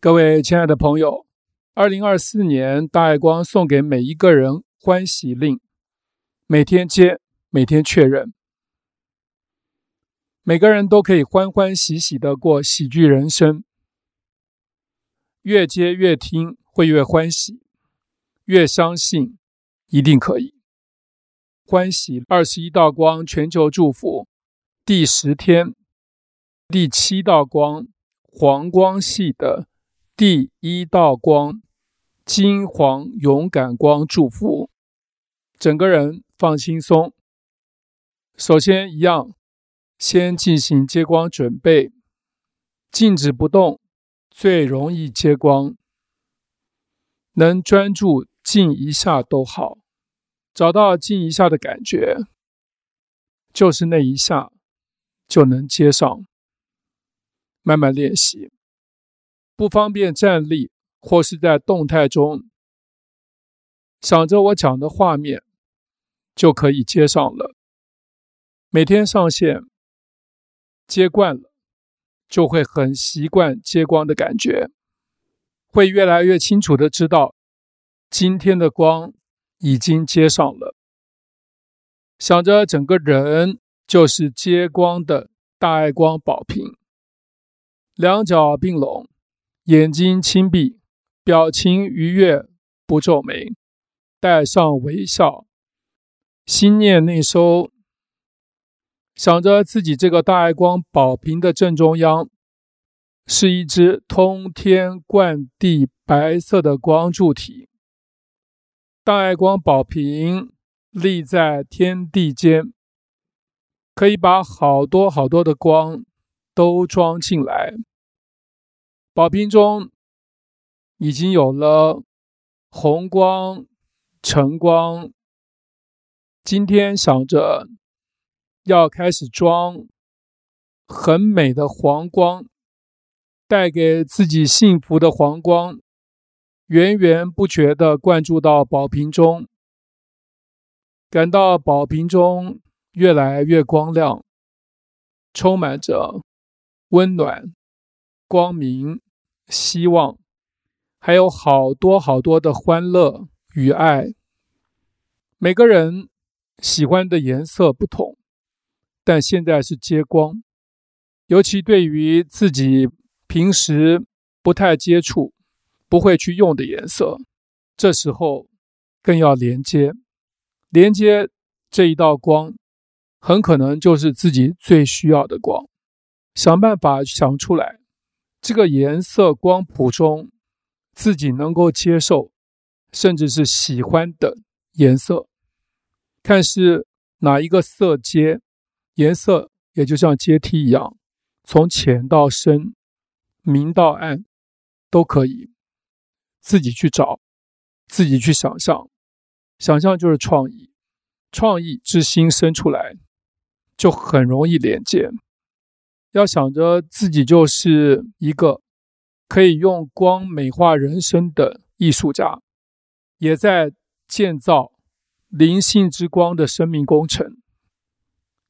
各位親愛的朋友，二零二四年大愛光送給每一個人歡喜令，每天接，每天確認，每個人都可以歡歡喜喜的過喜劇人生。越接越聽會越歡喜，越相信一定可以。歡喜。二十一道光全球祝福第十天，第七道光黃光系的。第一道光，金黃勇敢光祝福，整個人放輕鬆。首先一樣，先進行接光準備，靜止不動，最容易接光。能專注靜一下都好，找到靜一下的感覺，就是那一下就能接上。慢慢練習。不方便站立或是在動態中，想着我講的畫面，就可以接上了。每天上線接慣了，就會很習慣接光的感覺，會越來越清楚的知道今天的光已經接上了。想着整個人就是接光的大愛光寶瓶，兩腳併攏。眼睛輕閉，表情愉悅，不皺眉，帶上微笑，心念內收，想着自己這個大愛光寶瓶的正中央，是一隻通天貫地白色的光柱體。大愛光寶瓶立在天地間，可以把好多好多的光都裝進來。寶瓶中已經有了紅光、橙光。今天想着要開始裝很美的黃光，帶給自己幸福的黃光，源源不絕地灌注到寶瓶中，感到寶瓶中越來越光亮，充滿着溫暖、光明。希望，還有好多好多的歡樂與愛。每個人喜歡的顏色不同，但現在是接光，尤其對於自己平時不太接觸、不會去用的顏色，這時候更要連接。連接這一道光，很可能就是自己最需要的光。想辦法想出來。這個顏色光譜中，自己能夠接受，甚至是喜歡的顏色，看是哪一個色階。顏色也就像階梯一樣，從淺到深，明到暗，都可以自己去找，自己去想象。想象就是創意，創意之心生出來，就很容易連接。要想着自己就是一個可以用光美化人生的藝術家，也在建造靈性之光的生命工程。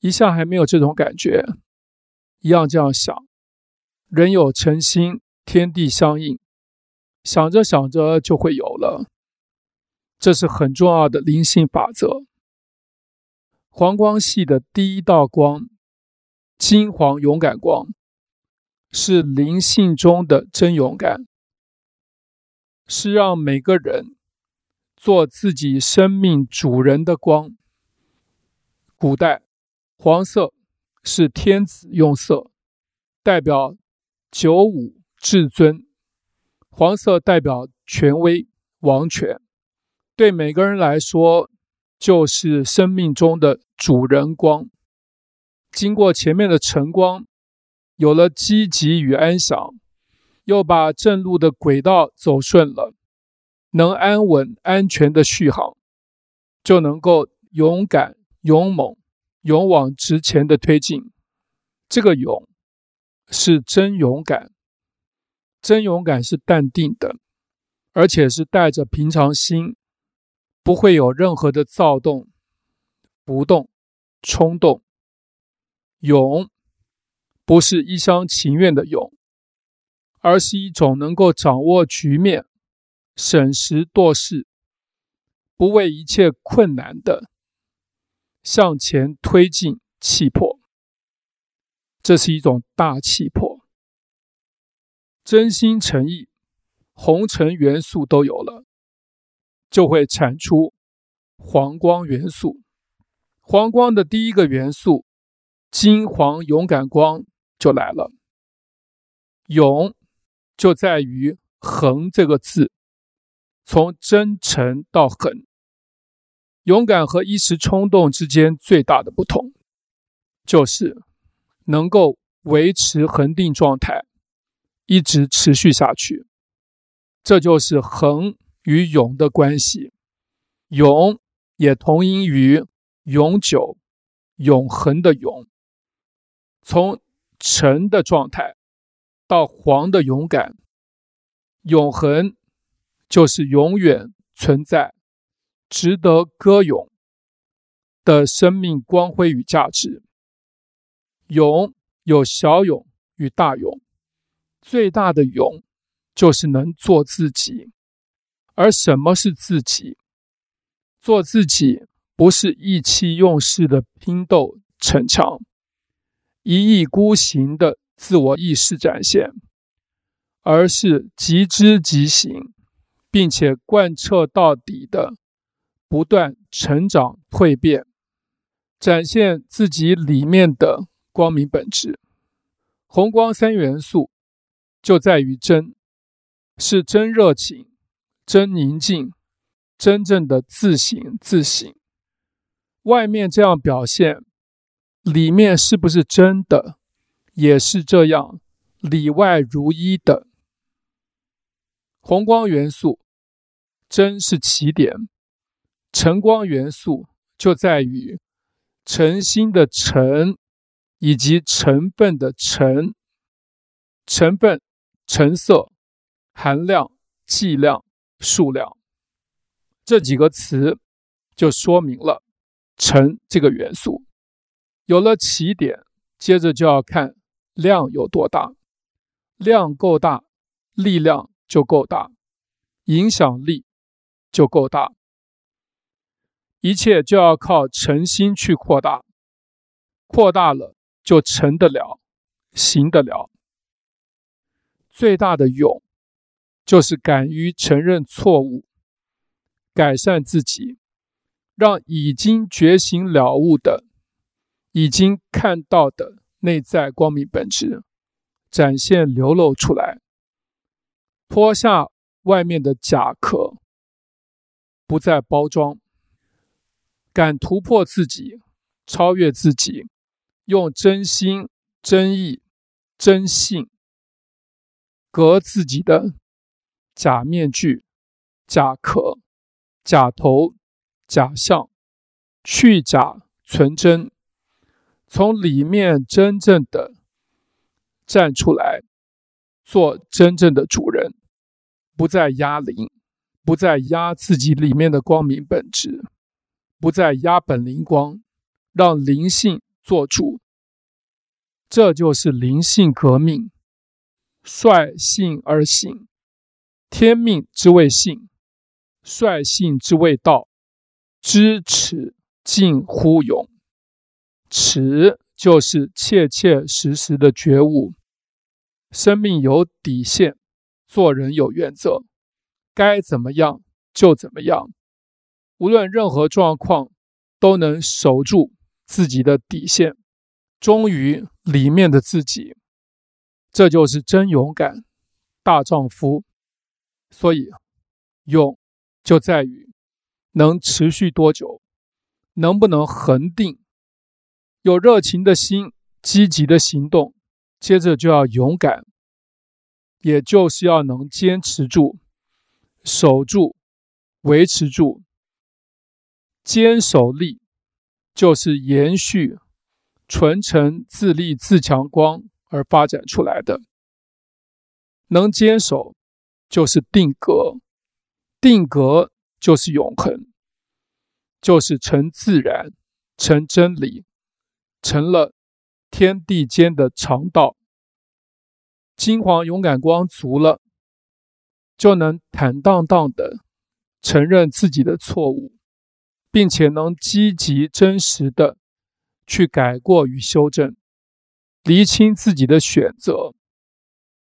一向還沒有這種感覺，一樣這樣想，人有誠心，天地相應，想着想着就會有了。這是很重要的靈性法則。黃光系的第一道光，金黃勇敢光，是靈性中的真勇敢，是讓每個人做自己生命主人的光。古代黃色是天子用色，代表九五至尊，黃色代表權威、王權，對每個人來說就是生命中的主人光。經過前面的晨光，有了積極與安詳，又把正路的軌道走順了，能安穩、安全的續航，就能夠勇敢、勇猛、勇往直前的推進。這個勇是真勇敢，真勇敢是淡定的，而且是帶着平常心，不會有任何的躁動、不動、衝動。勇，不是一廂情願的勇，而是一種能夠掌握局面、審時度勢、不畏一切困難的向前推進氣魄。這是一種大氣魄。真心誠意，紅塵元素都有了，就會產出黃光元素。黃光的第一個元素。金黃勇敢光就來了。勇就在於恆這個字，從真誠到恆。勇敢和一時衝動之間最大的不同，就是能夠維持恆定狀態，一直持續下去。這就是恆與勇的關係。勇也同音於永久、永恆的永。從沉的狀態到黃的勇敢，永恆就是永遠存在、值得歌詠的生命光輝與價值。勇有小勇與大勇，最大的勇就是能做自己。而什麼是自己？做自己不是意氣用事的拼鬥逞強。一意孤行的自我意識展現，而是即知即行，並且貫徹到底的不斷成長蛻變，展現自己裡面的光明本質。紅光三元素就在於真，是真熱情、真寧靜、真正的自省、自省，外面這樣表現。裡面是不是真的也是這樣裡外如一的？紅光元素，真是起點。橙光元素就在於“橙心”的“橙”，以及“成分”的“成”、“成分”、“成色”、“含量”、“劑量”、“數量”這幾個詞，就說明了“橙”這個元素。有了起點，接着就要看量有多大，量夠大，力量就夠大，影響力就夠大，一切就要靠誠心去擴大，擴大了就成得了，行得了。最大的勇，就是敢於承認錯誤，改善自己，讓已經覺醒了悟的。已經看到的內在光明本質，展現流露出來，脫下外面的假殼，不再包裝，敢突破自己，超越自己，用真心、真意、真性，革自己的假面具、假殼、假頭、假象，去假存真。從裡面真正的站出來，做真正的主人，不再壓靈，不再壓自己裡面的光明本質，不再壓本靈光，讓靈性做主。這就是靈性革命，率性而行，天命之謂性，率性之謂道，知恥近乎勇。持就是切切實實的覺悟，生命有底線，做人有原則，該怎麼樣就怎麼樣，無論任何狀況都能守住自己的底線，忠於裡面的自己，這就是真勇敢，大丈夫。所以，勇就在於能持續多久，能不能恆定。有熱情的心，積極的行動，接着就要勇敢，也就是要能堅持住、守住、維持住。堅守力，就是延續、純誠、自立自強光而發展出來的。能堅守，就是定格；定格，就是永恆；就是成自然，成真理。成了天地間的常道。金黃勇敢光足了，就能坦蕩蕩的承認自己的錯誤，並且能積極真實的去改過與修正，釐清自己的選擇，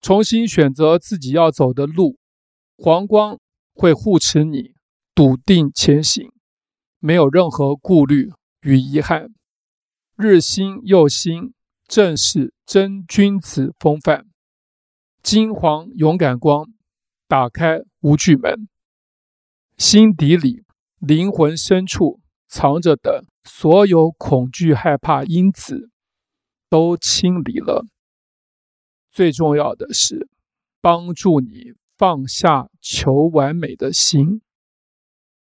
重新選擇自己要走的路。黃光會護持你，篤定前行，沒有任何顧慮與遺憾。日新又新，正是真君子風範。金黃勇敢光，打開無懼門。心底裡、靈魂深處藏着的所有恐懼、害怕因子，都清理了。最重要的是，幫助你放下求完美的心，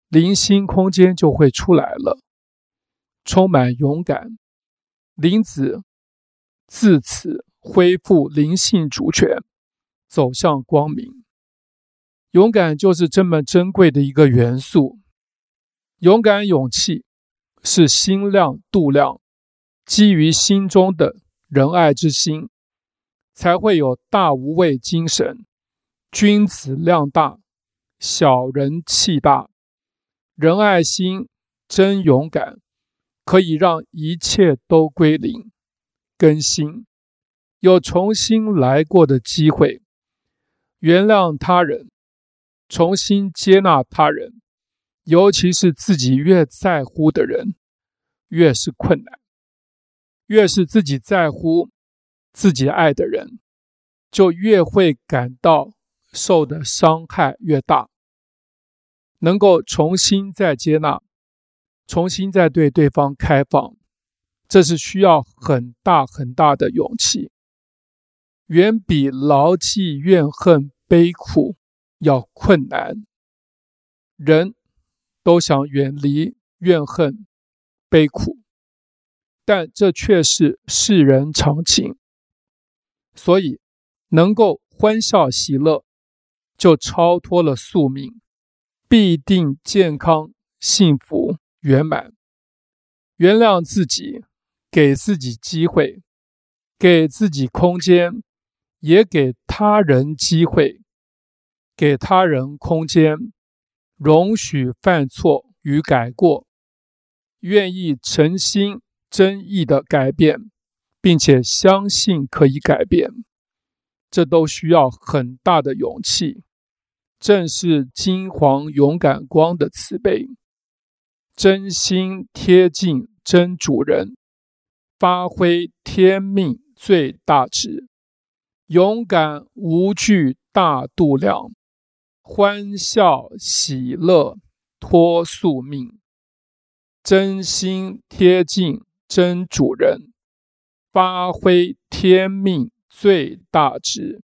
靈心空間就會出來了，充滿勇敢。靈子自此恢復靈性主權，走向光明。勇敢就是這麼珍貴的一個元素。勇敢、勇氣是心量度量，基於心中的仁愛之心，才會有大無畏精神。君子量大，小人氣大，仁愛心真勇敢。可以讓一切都歸零，更新，有重新來過的機會。原諒他人，重新接納他人，尤其是自己越在乎的人，越是困難，越是自己在乎自己愛的人，就越會感到受的傷害越大，能夠重新再接納。重新再對對方開放，這是需要很大很大的勇氣，遠比牢記怨恨悲苦要困難。人都想遠離怨恨悲苦，但這卻是世人常情。所以，能夠歡笑喜樂，就超脫了宿命，必定健康幸福。圓滿，原諒自己，給自己機會，給自己空間，也給他人機會，給他人空間，容許犯錯與改過，願意誠心真意的改變，並且相信可以改變，這都需要很大的勇氣，正是金黃勇敢光的慈悲。真心貼近真主人，發揮天命最大值，勇敢無懼大度量，歡笑喜樂脫宿命。真心貼近真主人，發揮天命最大值，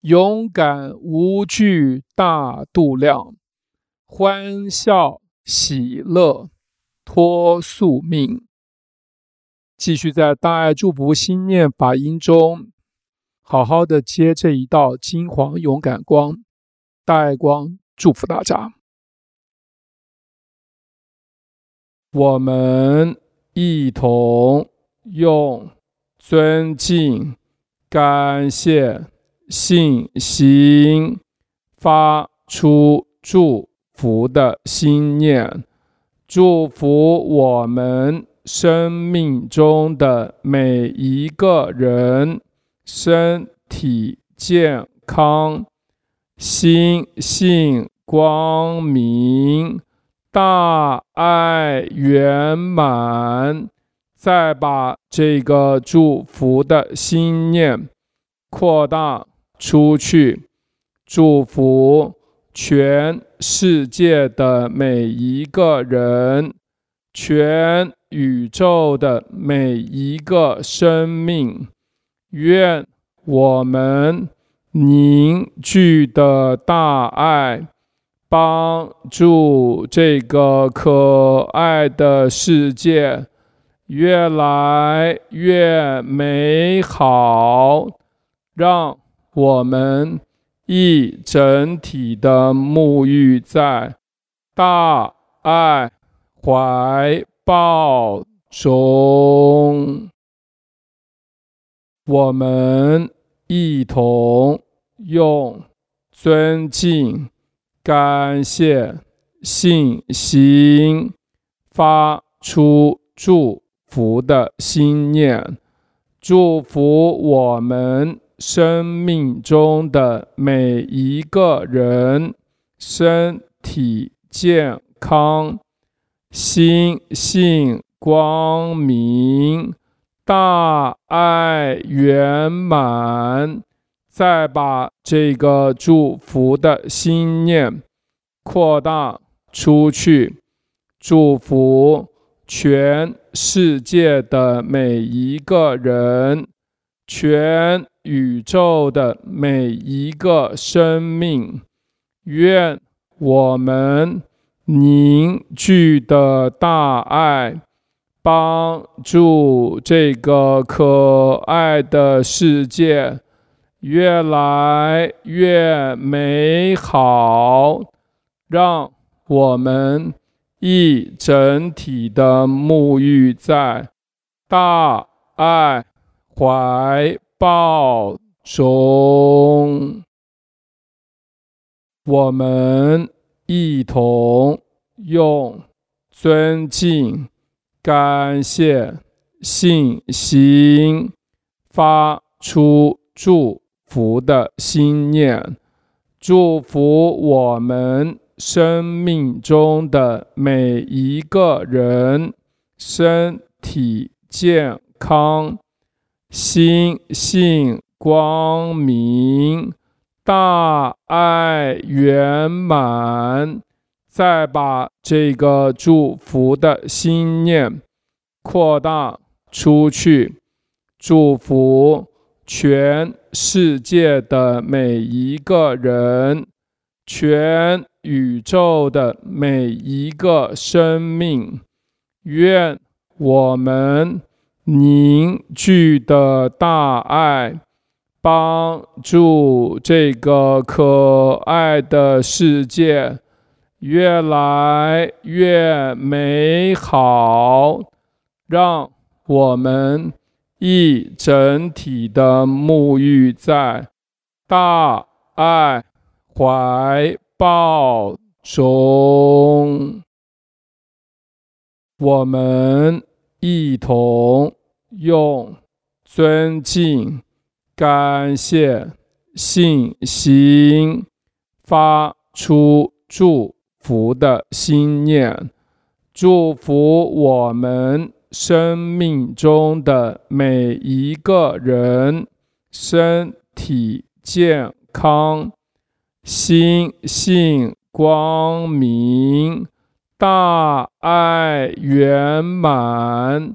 勇敢無懼大度量，歡笑。喜樂，託宿命，繼續在大愛祝福心念法音中，好好的接這一道金黃勇敢光，大愛光祝福大家。我們一同用尊敬、感謝、信心發出祝。福的心念，祝福我們生命中的每一個人身體健康，心性光明，大愛圓滿。再把這個祝福的心念擴大出去，祝福。全世界的每一個人，全宇宙的每一個生命，願我們凝聚的大愛幫助這個可愛的世界越來越美好，讓我們。一整體的沐浴在大愛懷抱中，我們一同用尊敬、感謝、信心發出祝福的心念，祝福我們。生命中的每一個人，身體健康，心性光明，大愛圓滿。再把這個祝福的心念擴大出去，祝福全世界的每一個人，全。宇宙的每一個生命，願我們凝聚的大愛，幫助這個可愛的世界越來越美好，讓我們一整體的沐浴在大愛懷抱報中，我們一同用尊敬、感謝、信心發出祝福的心念，祝福我們生命中的每一個人身體健康，心性光明，大愛圓滿。再把這個祝福的心念擴大出去，祝福全世界的每一個人，全宇宙的每一個生命。願我們凝聚的大愛，幫助這個可愛的世界越來越美好，讓我們一整體的沐浴在大愛懷抱中，我們一同。用尊敬、感謝、信心，發出祝福的心念，祝福我們生命中的每一個人，身體健康，心性光明，大愛圓滿。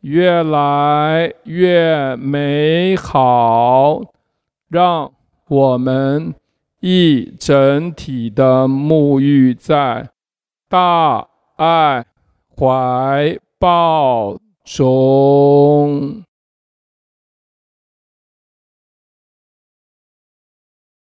越來越美好，讓我們一整體的沐浴在大愛懷抱中。